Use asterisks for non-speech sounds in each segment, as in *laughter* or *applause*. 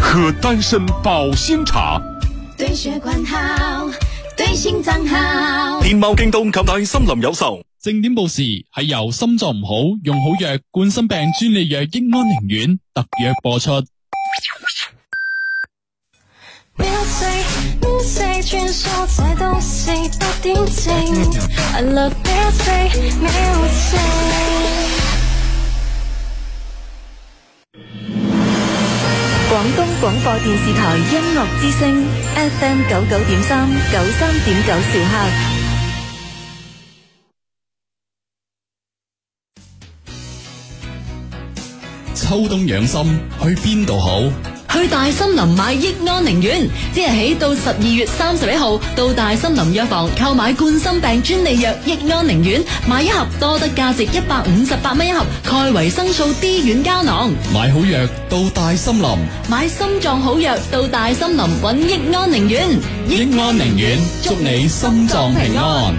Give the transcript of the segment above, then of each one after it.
喝丹參保心茶，對血管好，對心臟好。天貓、京東、各大森林有售。正點報時係由心臟唔好用好藥，冠心病專利藥益安寧丸特約播出。沒有廣東廣播電視台音樂之聲 FM 九九點三九三點九兆赫。秋冬養心去邊度好？去大森林買益安寧丸，即日起到十二月三十一號，到大森林藥房購買冠心病專利藥益安寧丸，買一盒多得價值一百五十八蚊一盒鈣維生素 D 軟膠囊。買好藥到大森林，買心臟好藥到大森林，搵益安寧丸。益安寧丸，祝你心臟平安。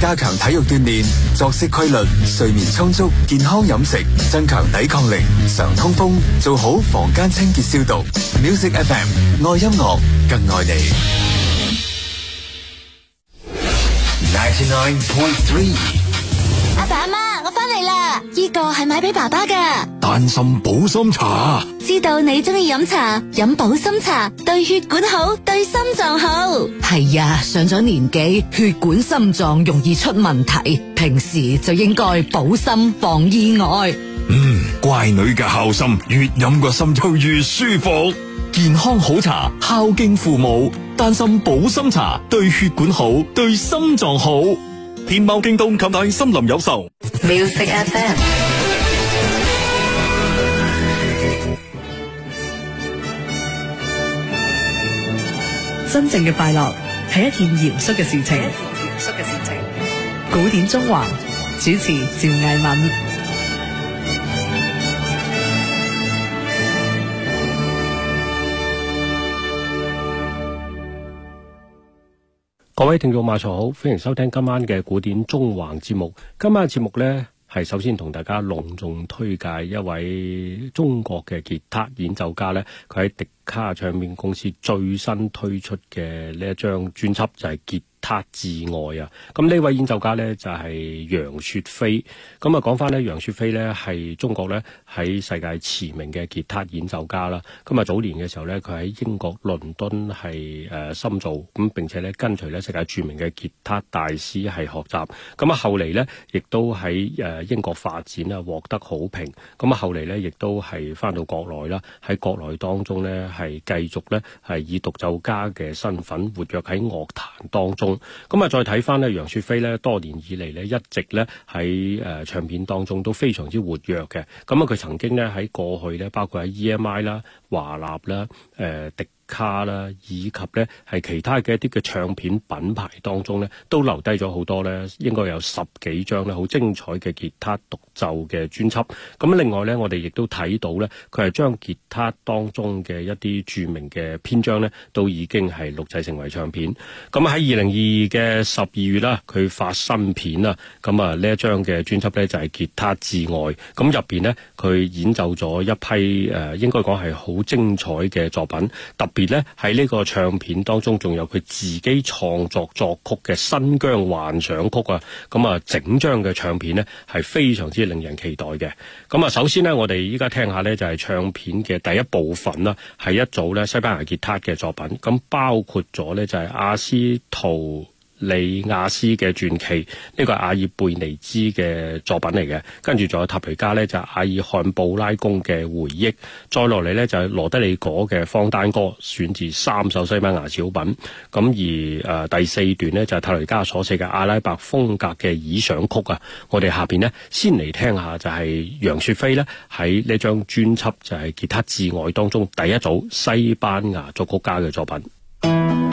加強體育鍛煉，作息規律，睡眠充足，健康飲食，增強抵抗力，常通風，做好房間清潔消毒。Music FM，愛音樂，更愛你，ninety nine point three。依、這個係買俾爸爸嘅，丹心保心茶。知道你中意飲茶，飲保心茶對血管好，對心臟好。係啊，上咗年紀，血管心臟容易出問題，平時就應該保心防意外。嗯，乖女嘅孝心，越飲個心就越舒服。健康好茶，孝敬父母，丹心保心茶對血管好，對心臟好。天貓、京東、及大森林有售。Music FM。真正嘅快樂係一件嚴肅嘅事情。嚴肅嘅事情。古典縱橫主持趙藝敏。各位聽眾，晚上好，歡迎收聽今晚嘅古典縱橫節目。今晚嘅節目咧，係首先同大家隆重推介一位中國嘅吉他演奏家咧，佢喺迪卡唱片公司最新推出嘅呢一張專輯就係杰。塔之愛啊，咁呢位演奏家咧就係楊雪飛，咁啊講翻咧楊雪飛咧係中國咧喺世界馳名嘅吉他演奏家啦。咁啊早年嘅時候咧，佢喺英國倫敦係誒深造，咁並且咧跟隨咧世界著名嘅吉他大師係學習。咁啊後嚟咧亦都喺誒英國發展啊，獲得好評。咁啊後嚟咧亦都係翻到國內啦，喺國內當中咧係繼續咧係以獨奏家嘅身份活躍喺樂壇當中。咁啊，再睇翻咧，楊雪霏咧，多年以嚟咧，一直咧喺誒唱片當中都非常之活躍嘅。咁啊，佢曾經咧喺過去咧，包括喺 EMI 啦、華納啦、誒迪。卡啦，以及呢，係其他嘅一啲嘅唱片品牌當中呢，都留低咗好多呢，應該有十幾張呢，好精彩嘅吉他獨奏嘅專輯，咁另外呢，我哋亦都睇到呢，佢係將吉他當中嘅一啲著名嘅篇章呢，都已經係錄製成為唱片。咁喺二零二二嘅十二月啦，佢發新片啦，咁啊，呢一張嘅專輯呢，就係《吉他之外》。咁入邊呢，佢演奏咗一批誒應該講係好精彩嘅作品，特別。而咧喺呢個唱片當中，仲有佢自己創作作曲嘅新疆幻想曲啊！咁啊，整張嘅唱片呢係非常之令人期待嘅。咁啊，首先呢，我哋依家聽下呢就係唱片嘅第一部分啦，係一組呢西班牙吉他嘅作品，咁包括咗呢就係阿斯圖。里亞斯嘅傳奇，呢個係阿爾貝尼茲嘅作品嚟嘅，跟住仲有塔雷加呢就係阿爾漢布拉宮嘅回憶，再落嚟呢，就係羅德里戈嘅《方丹歌》，選自三首西班牙小品。咁而誒第四段呢，就係塔雷加所寫嘅阿拉伯風格嘅綺想曲啊！我哋下邊呢，先嚟聽下就係楊雪菲呢喺呢張專輯就係吉他摯愛當中第一組西班牙作曲家嘅作品。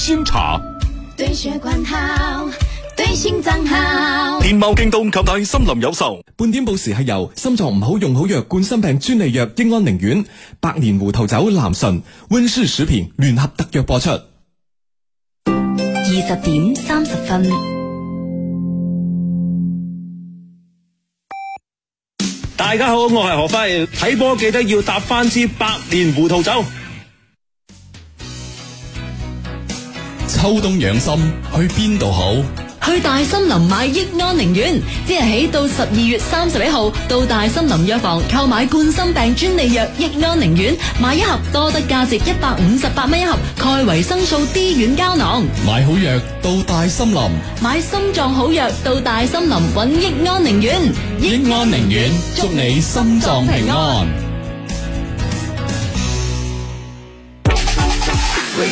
先茶對血管好，對心臟好。天貓、京東及大森林有售。半點報時係由心臟唔好用好藥，冠心病專利藥益安寧丸，百年胡桃酒、藍神溫舒薯片聯合特約播出。二十點三十分，大家好，我係何輝，睇波記得要搭翻支百年胡桃酒。秋冬養心去邊度好？去大森林買益安寧丸，即日起到十二月三十一號到大森林藥房購買冠心病專利藥益安寧丸，買一盒多得價值一百五十八蚊一盒鈣維生素 D 軟膠囊。買好藥到大森林，買心臟好藥到大森林，搵益安寧丸。益安寧丸，祝你心臟平安。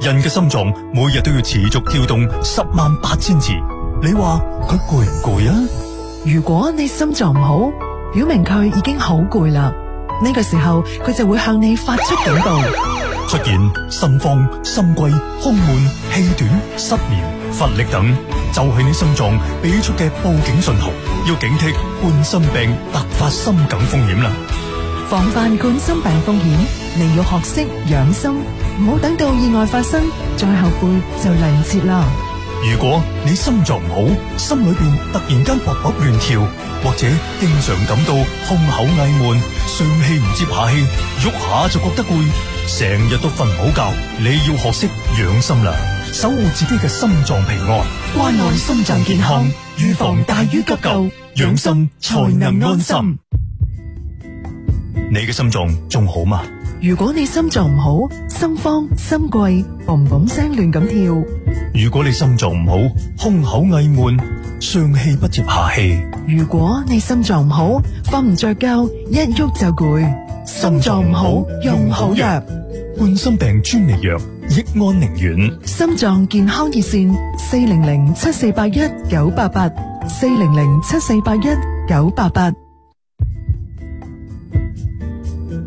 人嘅心臟每日都要持續跳動十萬八千次，你話佢攰唔攰啊？如果你心臟唔好，表明佢已經好攰啦。呢、這個時候佢就會向你發出警告，出現心慌、心悸、胸悶、氣短、失眠、乏力等，就係、是、你心臟俾出嘅報警信號，要警惕冠心病、突發心梗風險啦。防範冠心病風險，你要學識養心，唔好等到意外發生再後悔就嚟唔切啦。如果你心臟唔好，心裏邊突然間勃勃亂跳，或者經常感到胸口翳悶、上氣唔接下氣、喐下就覺得攰，成日都瞓唔好覺，你要學識養心啦，守護自己嘅心臟平安，關愛心臟健康，預防大於急救，養心才能安心。你嘅心臟仲好嗎？如果你心臟唔好，心慌心悸，嘣嘣聲亂咁跳；如果你心臟唔好，胸口翳悶，上氣不接下氣；如果你心臟唔好，瞓唔着覺，一喐就攰。心臟唔好用好藥，冠心病專利藥益安寧丸。心臟健康熱線：四零零七四八一九八八，四零零七四八一九八八。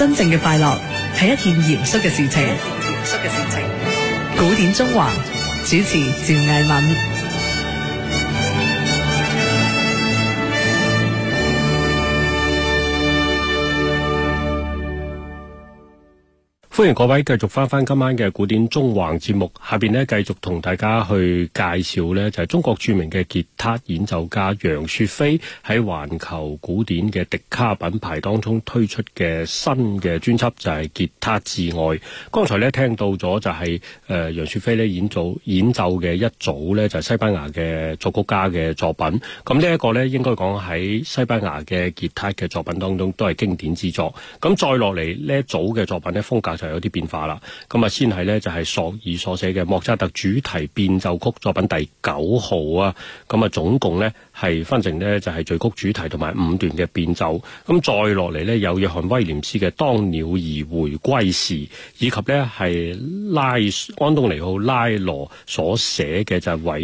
真正嘅快樂，係一件嚴肅嘅事情。古典縱橫主持毅：趙藝敏。歡迎各位繼續翻翻今晚嘅古典縱橫節目，下邊呢，繼續同大家去介紹呢，就係、是、中國著名嘅吉他演奏家楊雪菲喺環球古典嘅迪卡品牌當中推出嘅新嘅專輯就係、是《吉他至愛》。剛才呢，聽到咗就係、是、誒、呃、楊雪菲演奏演奏嘅一組呢就係、是、西班牙嘅作曲家嘅作品。咁呢一個呢，應該講喺西班牙嘅吉他嘅作品當中都係經典之作。咁再落嚟呢一組嘅作品呢風格就是有啲變化啦，咁啊先係咧就係索爾所寫嘅莫扎特主題變奏曲作品第九號啊，咁啊總共咧。係分成咧，就係序曲主題同埋五段嘅變奏。咁再落嚟咧，有約翰威廉斯嘅《當鳥兒回歸時》，以及咧係拉安東尼奧拉羅所寫嘅就係委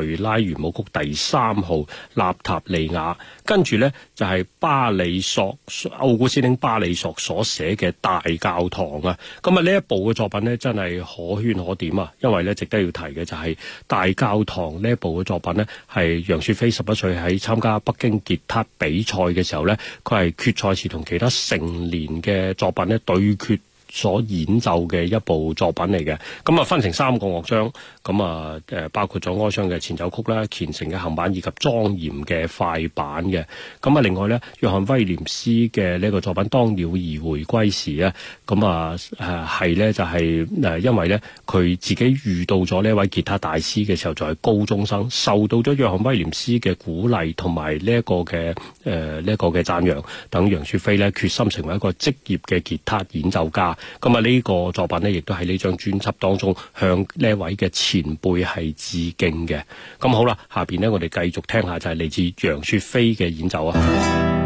內瑞拉圓舞曲第三號納塔利亞。跟住咧就係巴里索奧古斯丁巴里索所寫嘅《大教堂》啊。咁啊呢一部嘅作品咧真係可圈可點啊！因為咧值得要提嘅就係《大教堂》呢一部嘅作品咧，係楊雪菲。十一歲喺參加北京吉他比賽嘅時候呢，佢係決賽時同其他成年嘅作品咧對決所演奏嘅一部作品嚟嘅，咁啊分成三個樂章。咁啊，誒包括咗哀傷嘅前奏曲啦、虔誠嘅行板以及莊嚴嘅快板嘅。咁啊，另外咧，約翰威廉斯嘅呢個作品《當鳥兒回歸時》咧，咁啊，誒係咧就係誒因為咧佢自己遇到咗呢一位吉他大師嘅時候，就係高中生，受到咗約翰威廉斯嘅鼓勵同埋呢一個嘅誒呢一個嘅讚揚等楊雪飛咧決心成為一個職業嘅吉他演奏家。咁啊，呢個作品咧亦都喺呢張專輯當中向呢位嘅前輩係致敬嘅，咁好啦，下面咧我哋繼續聽下就係嚟自楊雪菲嘅演奏啊。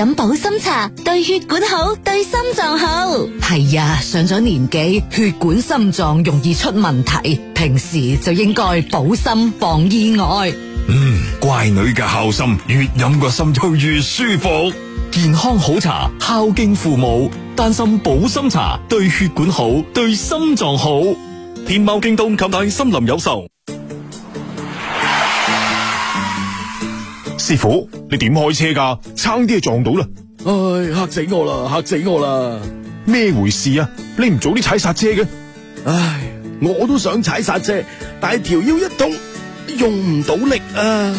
飲保心茶，對血管好，對心臟好。係啊，上咗年紀，血管心臟容易出問題，平時就應該保心防意外。嗯，乖女嘅孝心，越飲個心就越舒服。健康好茶，孝敬父母，丹參保心茶，對血管好，對心臟好。天貓、京東、購大森林有售。師傅，你點開車㗎？差啲就撞到啦，唉、哎，嚇死我啦，嚇死我啦，咩回事啊？你唔早啲踩剎車嘅？唉、哎，我都想踩剎車，但係條腰一動用唔到力啊！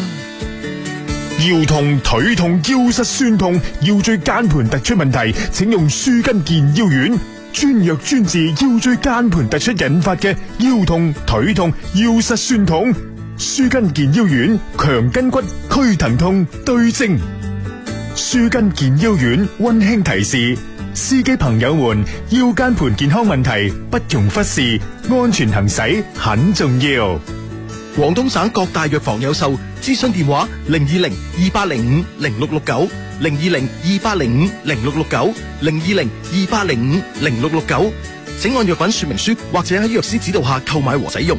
腰痛、腿痛、腰膝酸痛、腰椎間盤突出問題，請用舒筋健腰丸，專藥專治腰椎間盤突出引發嘅腰痛、腿痛、腰膝酸痛，舒筋健腰丸強筋骨、驅疼痛，對症。舒筋健腰丸溫馨提示：司機朋友們，腰間盤健康問題不容忽視，安全行駛很重要。廣東省各大藥房有售，諮詢電話：零二零二八零五零六六九，零二零二八零五零六六九，零二零二八零五零六六九。請按藥品說明書或者喺藥師指導下購買和使用。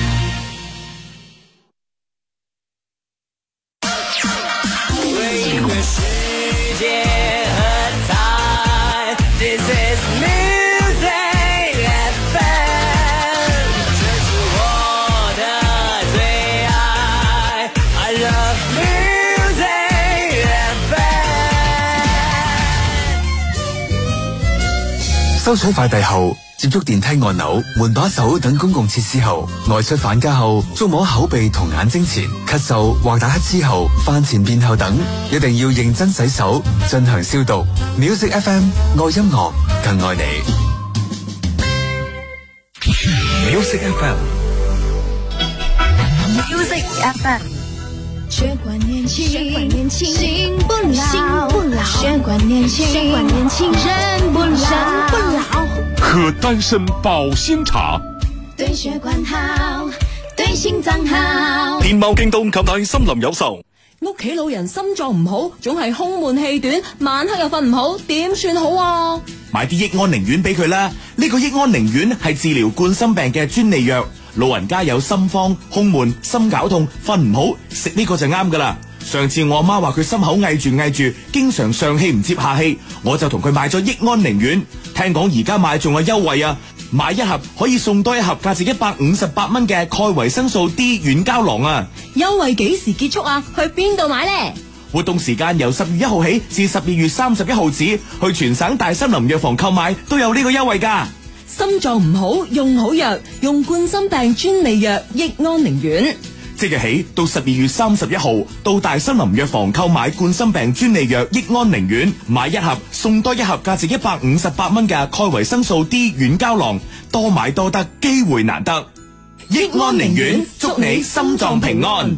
收取快遞後，接觸電梯按鈕、門把手等公共設施後，外出返家後，觸摸口鼻同眼睛前、咳嗽或打乞嗤之後、飯前便後等，一定要認真洗手，進行消毒。Music FM 愛音樂更愛你。Music FM。Music FM。血管年輕，心不老；血管年輕，人不老。喝丹參保心茶，對血管好，對心臟好。天貓、京東及大森林有售。屋企老人心臟唔好，總係胸悶氣短，晚黑又瞓唔好，點算好啊？買啲益安寧丸俾佢啦，呢個益安寧丸係治療冠心病嘅專利藥。老人家有心慌、胸悶、心絞痛、瞓唔好，食呢個就啱噶啦。上次我阿媽話佢心口翳住翳住，經常上氣唔接下氣，我就同佢買咗益安寧丸。聽講而家買仲有優惠啊，買一盒可以送多一盒價值一百五十八蚊嘅鈣維生素 D 軟膠囊啊。優惠幾時結束啊？去邊度買呢？活動時間由十月一號起至十二月三十一號止，去全省大森林藥房購買都有呢個優惠噶。心臟唔好，用好藥，用冠心病專利藥益安寧丸。即日起到十二月三十一號，到大森林藥房購買冠心病專利藥益安寧丸，買一盒送多一盒價值一百五十八蚊嘅鈣維生素 D 軟膠囊，多買多得，機會難得。益安寧丸，祝你心臟平安。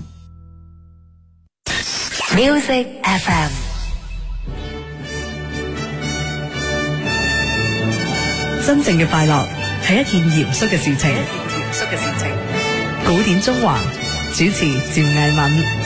Music FM。真正嘅快樂係一件嚴肅嘅事情，一件嚴肅嘅事情。古典中華主持趙藝敏。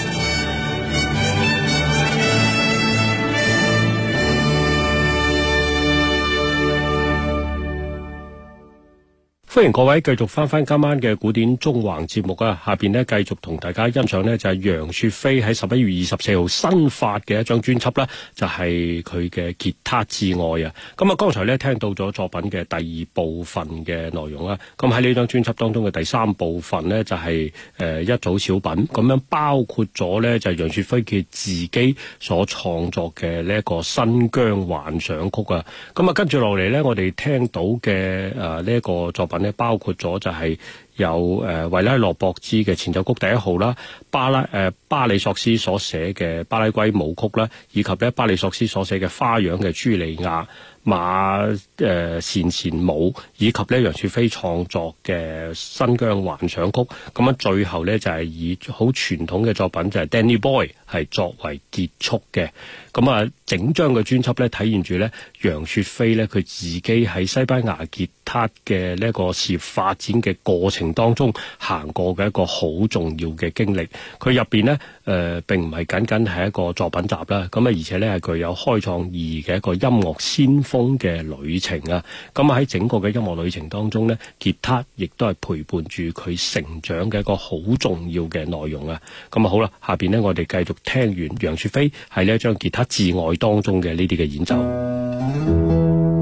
歡迎各位繼續翻翻今晚嘅古典縱橫節目啊！下邊呢，繼續同大家欣賞呢，就係、是、楊雪菲喺十一月二十四號新發嘅一張專輯啦，就係佢嘅吉他之愛啊！咁、嗯、啊，剛才呢，聽到咗作品嘅第二部分嘅內容啦、啊，咁喺呢張專輯當中嘅第三部分呢，就係、是、誒、呃、一組小品，咁樣包括咗呢，就是、楊雪菲嘅自己所創作嘅呢一個新疆幻想曲啊！咁、嗯、啊，跟住落嚟呢，我哋聽到嘅誒呢一個作品呢包括咗就係有誒、呃、維拉諾博茲嘅前奏曲第一號啦，巴拉誒、呃、巴里索斯所寫嘅巴拉圭舞曲啦，以及咧巴里索斯所寫嘅花樣嘅茱莉亞。馬誒倩扇舞》呃、前母，以及咧楊雪飛創作嘅《新疆幻想曲》，咁啊最後咧就係以好傳統嘅作品就係、是、Danny Boy》係作為結束嘅。咁啊，整張嘅專輯咧，體現住咧楊雪飛咧佢自己喺西班牙吉他嘅呢一個事業發展嘅過程當中行過嘅一個好重要嘅經歷，佢入邊咧誒並唔係僅僅係一個作品集啦，咁啊而且咧係具有開創意義嘅一個音樂先鋒嘅旅程啊，咁喺整個嘅音樂旅程當中呢，吉他亦都係陪伴住佢成長嘅一個好重要嘅內容啊。咁啊好啦，下邊呢，我哋繼續聽完楊雪菲喺呢一張吉他自愛當中嘅呢啲嘅演奏。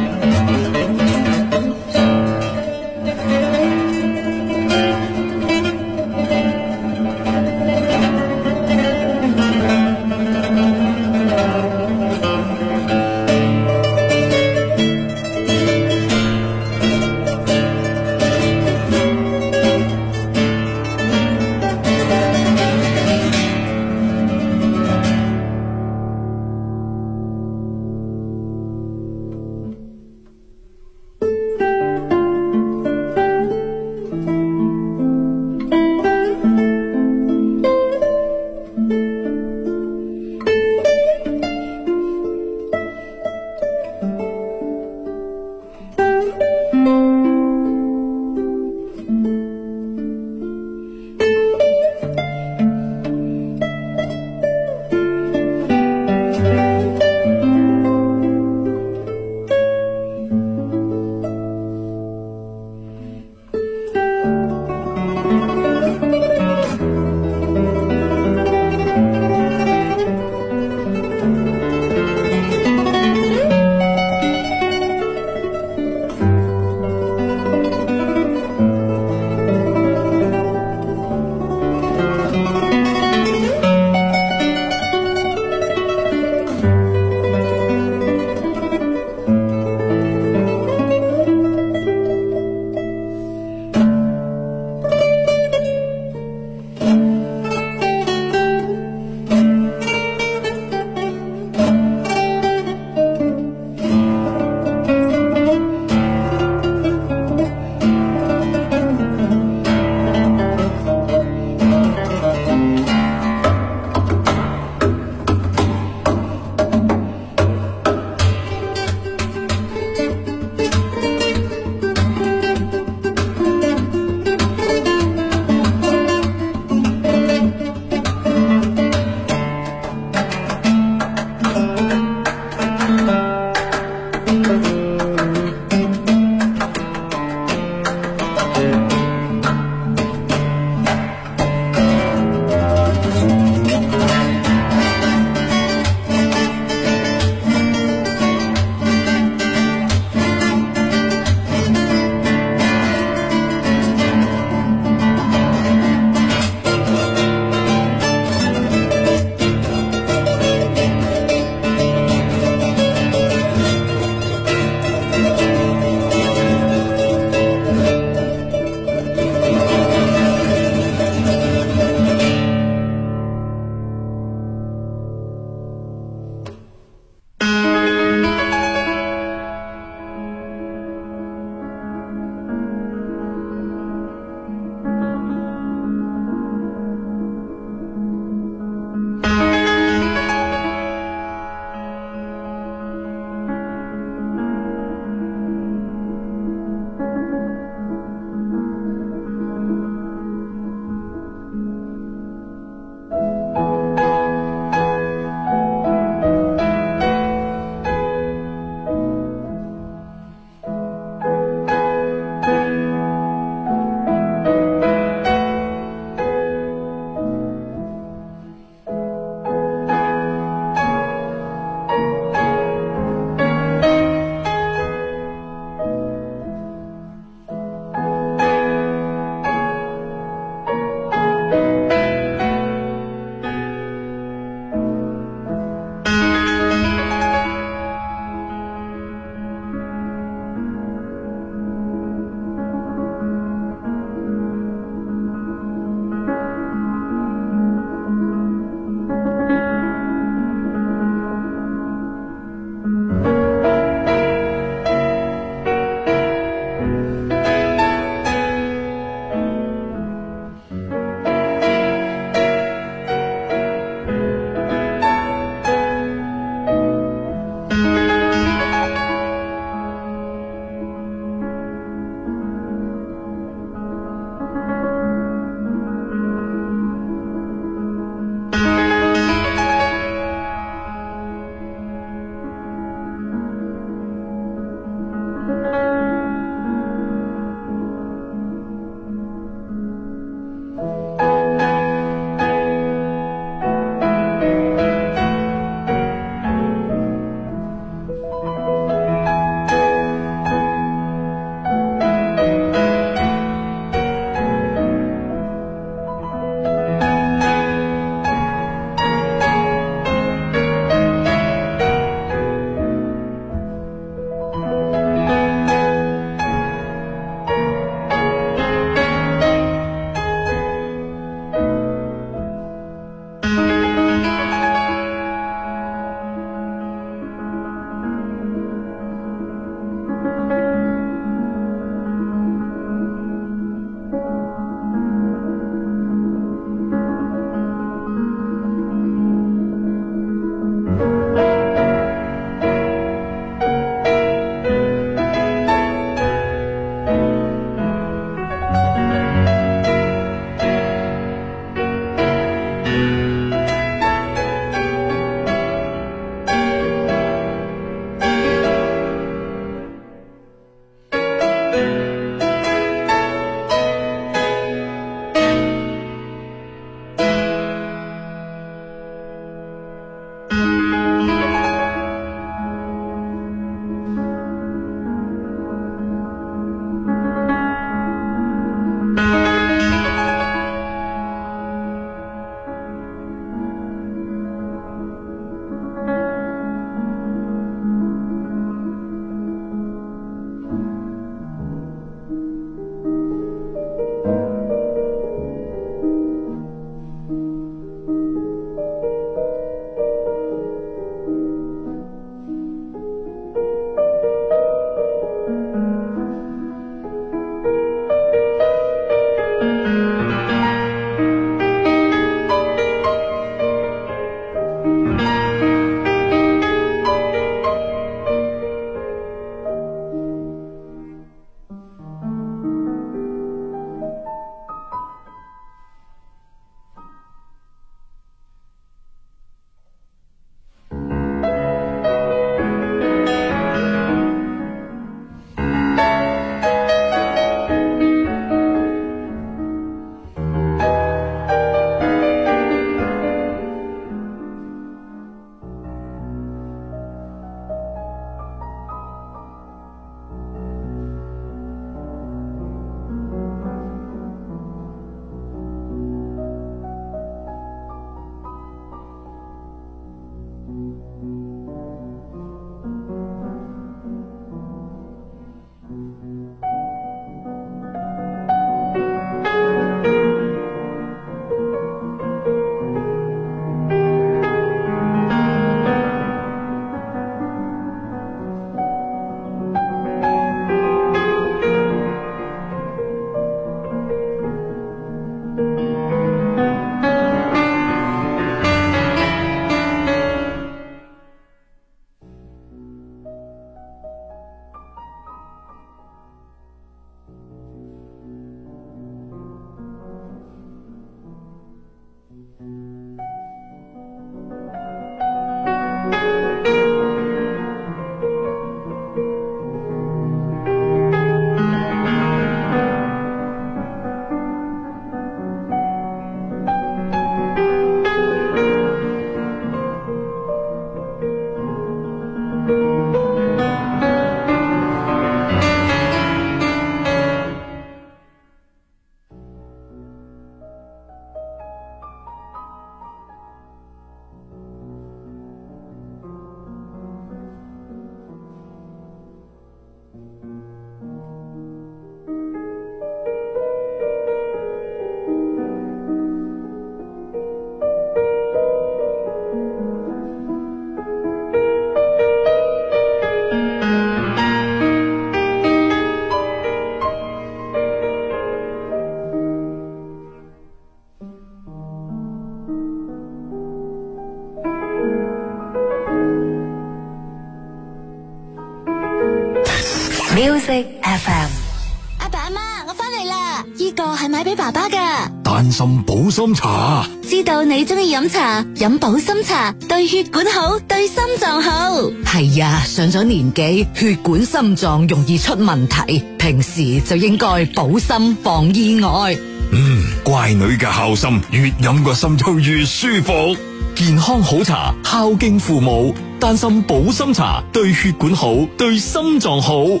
茶，知道你中意飲茶，飲保心茶對血管好，對心臟好。係呀、啊，上咗年紀，血管心臟容易出問題，平時就應該保心防意外。嗯，乖女嘅孝心，越飲個心就越舒服。健康好茶，孝敬父母，擔心保心茶對血管好，對心臟好。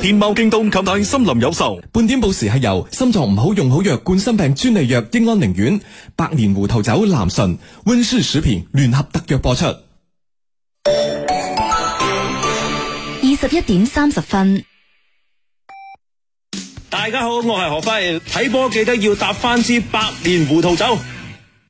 天貓、京東、購睇森林有售，半點報時，係由心臟唔好用好藥，冠心病專利藥益安寧丸，百年胡桃酒、藍神、溫氏薯片聯合特約播出。二十一點三十分，大家好，我係何輝，睇波記得要搭翻支百年胡桃酒。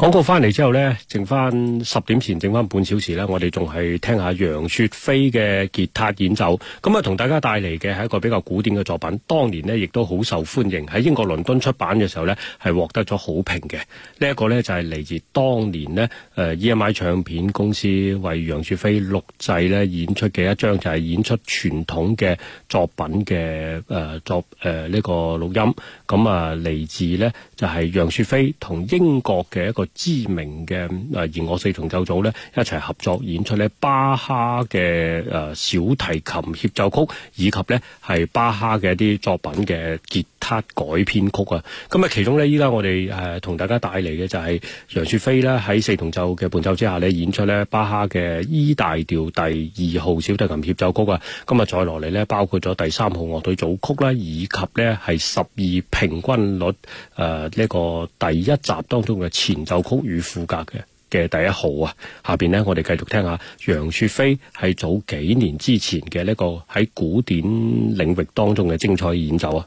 廣告翻嚟之後呢，剩翻十點前，剩翻半小時呢，我哋仲係聽下楊雪菲嘅結他演奏。咁啊，同大家帶嚟嘅係一個比較古典嘅作品，當年呢，亦都好受歡迎。喺英國倫敦出版嘅時候呢，係獲得咗好評嘅。呢一個呢，就係嚟自當年呢誒、呃、EMI 唱片公司為楊雪菲錄製呢演出嘅一張，就係、是、演出傳統嘅作品嘅誒、呃、作誒呢、呃這個錄音。咁啊，嚟自呢。就係、是、楊雪菲同英國嘅一個知名嘅誒弦樂四重奏組咧，一齊合作演出咧巴哈嘅誒、呃、小提琴協奏曲，以及咧係巴哈嘅一啲作品嘅結構。塔改編曲啊！咁啊，其中呢，依家我哋、呃、同大家帶嚟嘅就係楊雪菲呢。喺四重奏嘅伴奏之下呢，演出呢巴哈嘅 E 大調第二號小提琴協奏曲啊！今日再落嚟呢，包括咗第三號樂隊組曲啦、啊，以及呢係十二平均律誒呢、呃呢個第一集當中嘅前奏曲與賦格嘅嘅第一號啊。下面呢，我哋繼續聽下楊雪菲係早幾年之前嘅呢個喺古典領域當中嘅精彩演奏啊！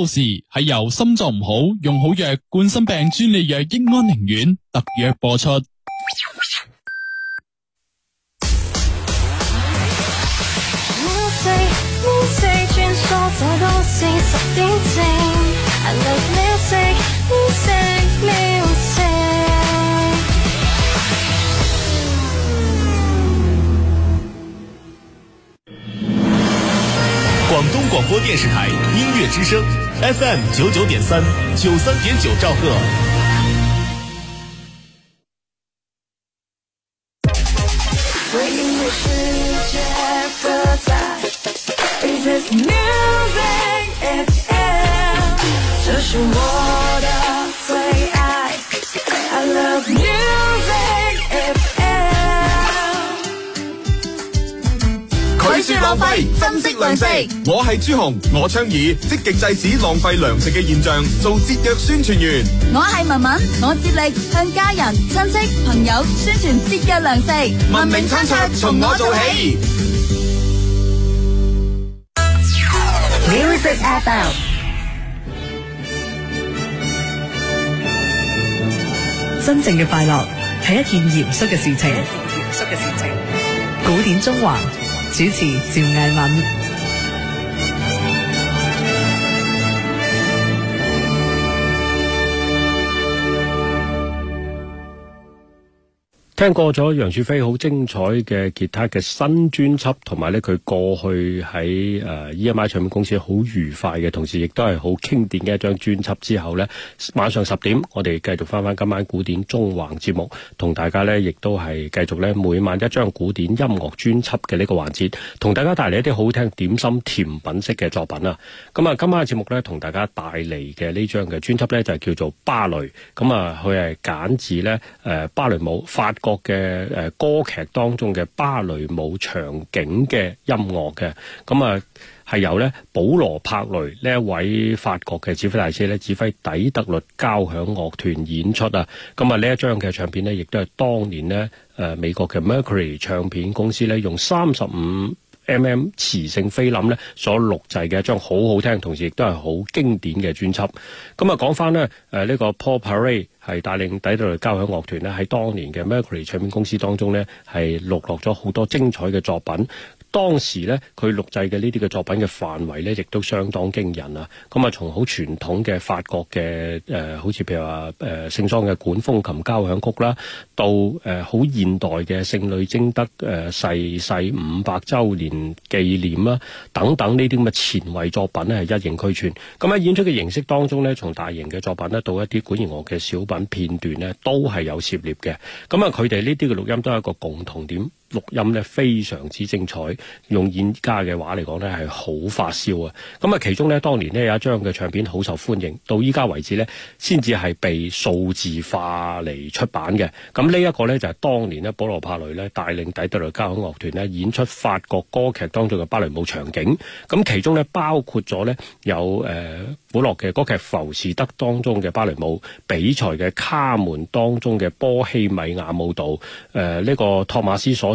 故事係由心臟唔好，用好藥，冠心病專利藥益安寧丸特約播出。廣東廣播電視台音樂之聲。SM 九九點三，九三點九兆赫。珍惜糧食，我係朱紅，我倡議積極制止浪費糧食嘅現象，做節約宣傳員。我係文文，我接力向家人、親戚、朋友宣傳節約糧食，文明餐桌從我做起。music up。真正嘅快樂係一件嚴肅嘅事情，一件嚴肅嘅事情。古典縱橫。主持：趙毅敏。聽過咗楊雪霏好精彩嘅吉他嘅新專輯，同埋呢佢過去喺誒、呃、EMI 唱片公司好愉快嘅，同時亦都係好經典嘅一張專輯之後呢，晚上十點我哋繼續返返今晚古典縱橫節目，同大家呢亦都係繼續呢每晚一張古典音樂專輯嘅呢個環節，同大家帶嚟一啲好聽點心甜品式嘅作品啊！咁、嗯、啊，今晚嘅節目呢，同大家帶嚟嘅呢張嘅專輯呢，就係叫做芭蕾，咁啊佢係揀自呢誒芭蕾舞法國。嘅誒歌劇當中嘅芭蕾舞場景嘅音樂嘅，咁啊係由咧保羅柏雷呢一位法國嘅指揮大師咧指揮底特律交響樂團演出啊，咁啊呢一張嘅唱片呢，亦都係當年呢誒美國嘅 Mercury 唱片公司咧用三十五。M、MM、M 磁性菲林咧所錄製嘅一張好好聽，同時亦都係好經典嘅專輯。咁啊，講翻咧，誒呢個 Paul Paray 係帶領底度嘅交響樂團咧，喺當年嘅 Mercury 唱片公司當中咧，係錄落咗好多精彩嘅作品。當時咧佢錄製嘅呢啲嘅作品嘅範圍咧亦都相當驚人啊！咁啊，從好傳統嘅法國嘅誒、呃，好似譬如話誒、呃、聖桑嘅管風琴交響曲啦，到誒好、呃、現代嘅聖女貞德誒逝、呃、世，世五百週年紀念啦，等等呢啲咁嘅前衛作品咧係一應俱全。咁喺演出嘅形式當中咧，從大型嘅作品咧到一啲管弦樂嘅小品片段咧都係有涉獵嘅。咁啊，佢哋呢啲嘅錄音都係一個共同點。錄音呢非常之精彩，用演家嘅話嚟講呢係好發燒啊！咁啊其中呢，當年呢有一張嘅唱片好受歡迎，到依家為止呢，先至係被數字化嚟出版嘅。咁呢一個呢，就、嗯、係當年呢，保羅帕雷呢帶領底特律交響樂團呢演出法國歌劇當中嘅芭蕾舞場景。咁其中呢，包括咗呢，有、呃、誒古諾嘅歌劇《浮士德》當中嘅芭蕾舞，比才嘅卡門當中嘅波希米亞舞蹈，誒、呃、呢、這個托馬斯所。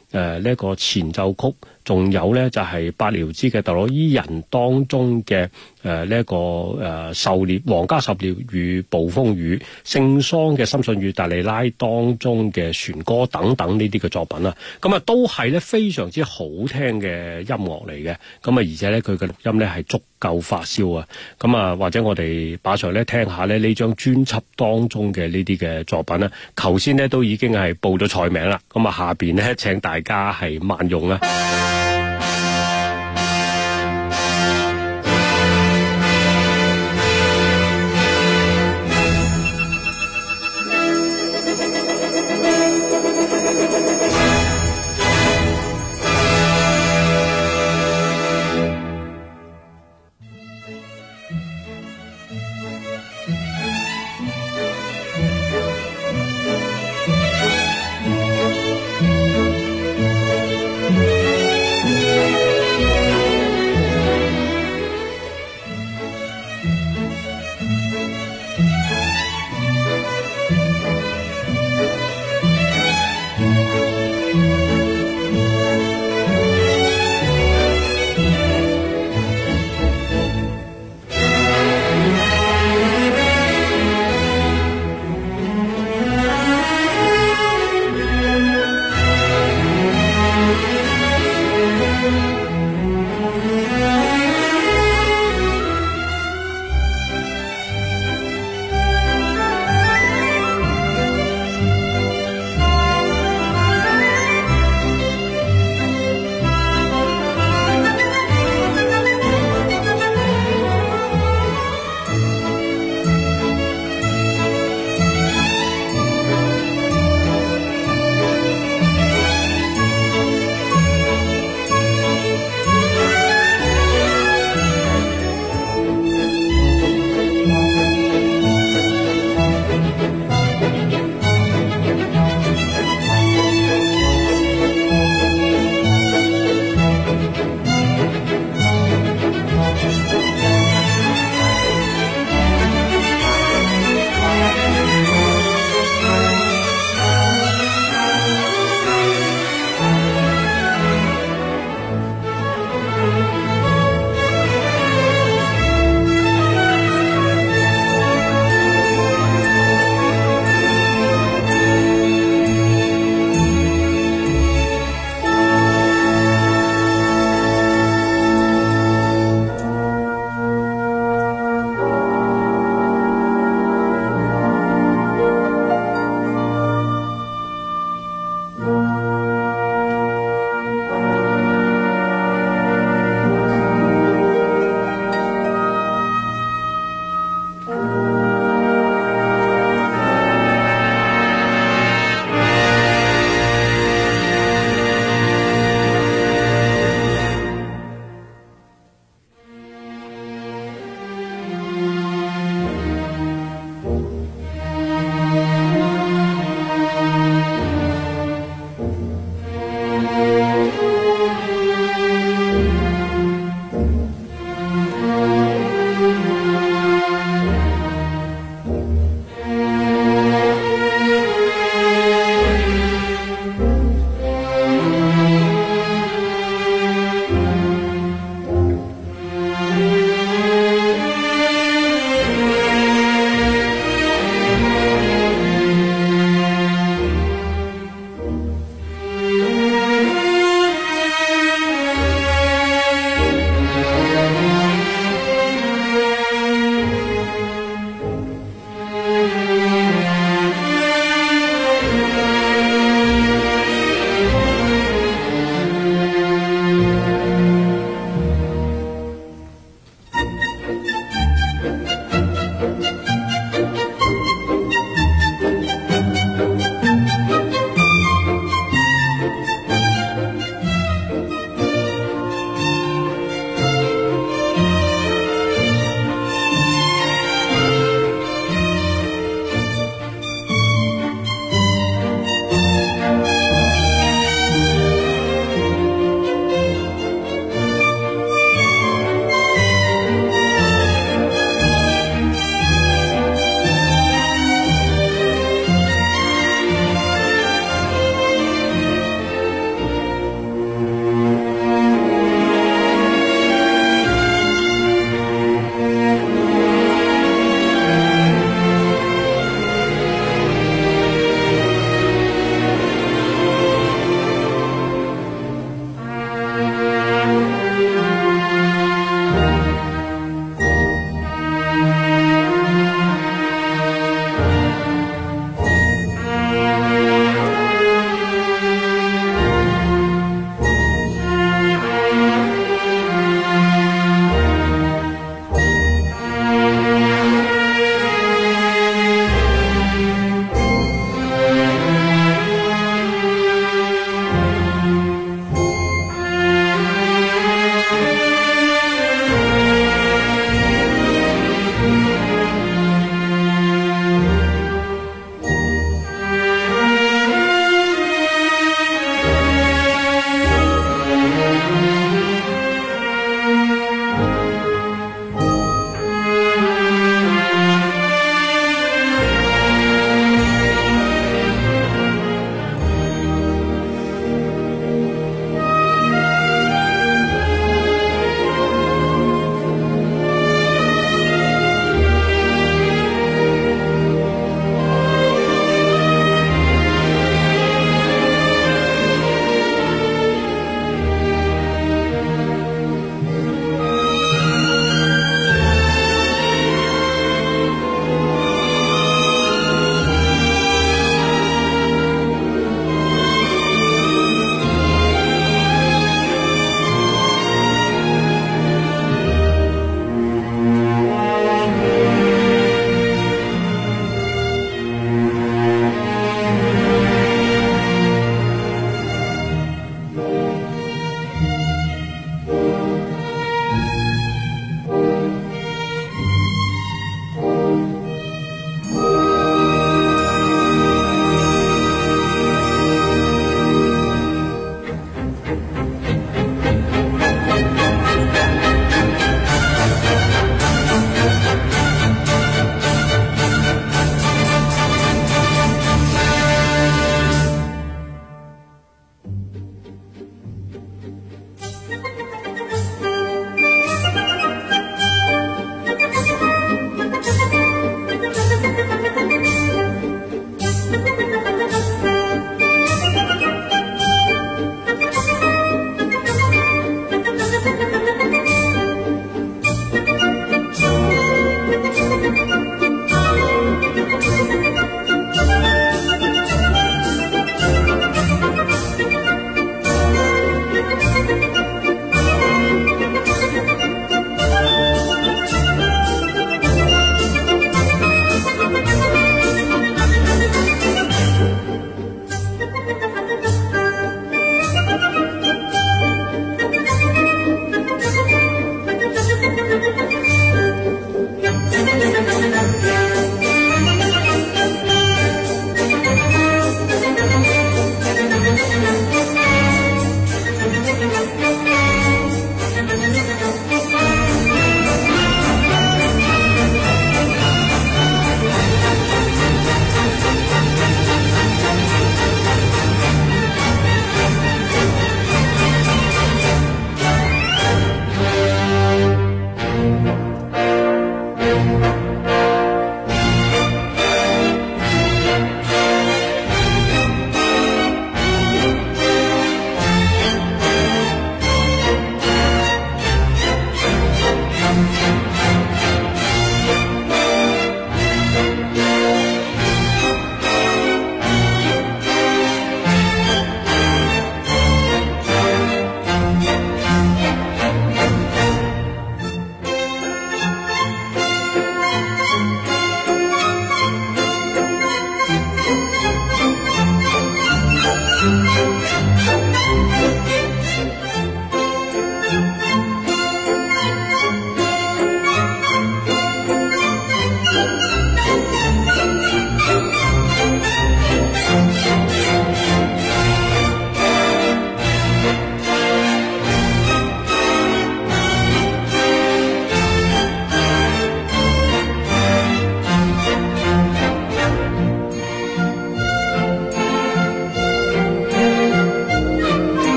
誒呢一個前奏曲，仲有咧就係柏遼茲嘅《特洛伊人》當中嘅誒呢一個誒、呃、狩獵皇家狩獵與暴風雨、聖桑嘅《參孫與達利拉》當中嘅船歌等等呢啲嘅作品啦，咁啊都係咧非常之好聽嘅音樂嚟嘅。咁啊而且咧佢嘅錄音咧係足夠發燒啊，咁啊或者我哋馬上咧聽下咧呢張專輯當中嘅呢啲嘅作品啦，頭先咧都已經係報咗菜名啦，咁啊下邊咧請大。而家係萬用啦。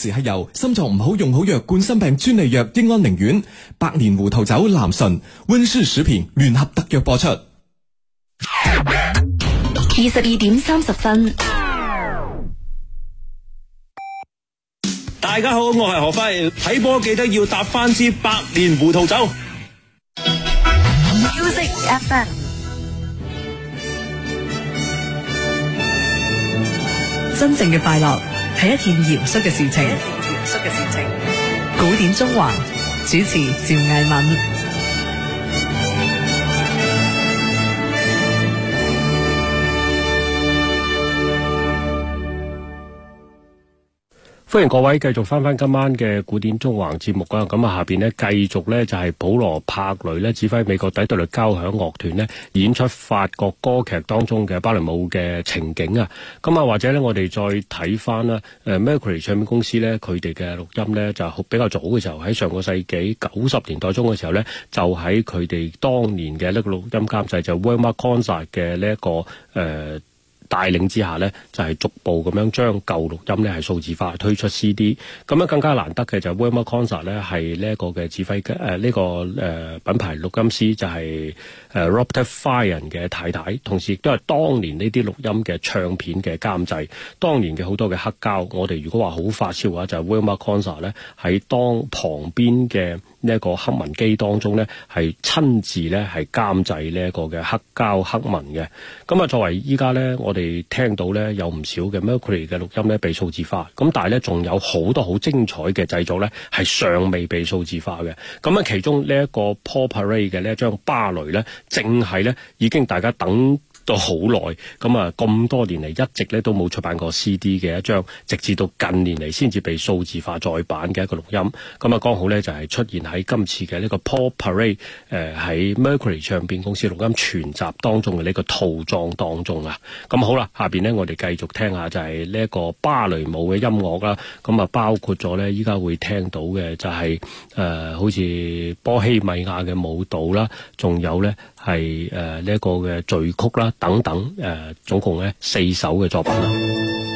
時係由心臟唔好用好藥冠心病專利藥益安寧丸、百年胡桃酒、男神温舒薯片聯合特約播出。二十二點三十分 *noise* ，大家好，我係何輝，睇波記得要搭翻支百年胡桃酒。Music FM：、啊、真正嘅快樂。是一件嚴肅的事情，一件嚴肅的事情。古典縱橫，主持趙藝敏。歡迎各位繼續翻翻今晚嘅古典縱橫節目啊。咁啊，下邊呢，繼續呢，就係保羅柏雷呢，指揮美國底特律交響樂團呢，演出法國歌劇當中嘅芭蕾舞嘅情景啊。咁、嗯、啊，或者呢，我哋再睇翻啦。誒、呃、Mercury 唱片公司呢，佢哋嘅錄音呢，就比較早嘅時候喺上個世紀九十年代中嘅時候呢，就喺佢哋當年嘅呢個錄音監製就是、Wilma Cozart 嘅呢、這、一個誒。呃帶領之下呢，就係、是、逐步咁樣將舊錄音呢係數字化推出 CD。咁樣更加難得嘅就係 Wilma Consa 咧係呢一個嘅指揮嘅呢、呃呢個誒品牌錄音師就係、是、Robert Fine 嘅太太，同時亦都係當年呢啲錄音嘅唱片嘅監製。當年嘅好多嘅黑膠，我哋如果話好發燒嘅話，就係、是、Wilma Consa 咧喺當旁邊嘅。呢一個黑文機當中呢，係親自呢，係監製呢一個嘅黑膠黑文嘅。咁啊，作為依家呢，我哋聽到呢，有唔少嘅 Mercury 嘅錄音呢，被數字化，咁但係呢，仲有好多好精彩嘅製作呢，係尚未被數字化嘅。咁啊，其中呢一個 Paul Paray 嘅呢一張芭蕾呢，正係呢，已經大家等都好耐，咁啊，咁多年嚟一直咧都冇出版過 CD 嘅一張，直至到近年嚟先至被數字化再版嘅一個錄音，咁啊，剛好咧就係、是、出現喺今次嘅呢個 Paul Paray 誒喺 Mercury 唱片公司錄音全集當中嘅呢個套裝當中啊，咁好啦，下邊咧我哋繼續聽下就係呢一個芭蕾舞嘅音樂啦，咁啊包括咗咧依家會聽到嘅就係、是、誒、呃、好似波希米亞嘅舞蹈啦，仲有咧。係誒呢一個嘅序曲啦，等等誒，總共咧四首嘅作品啦。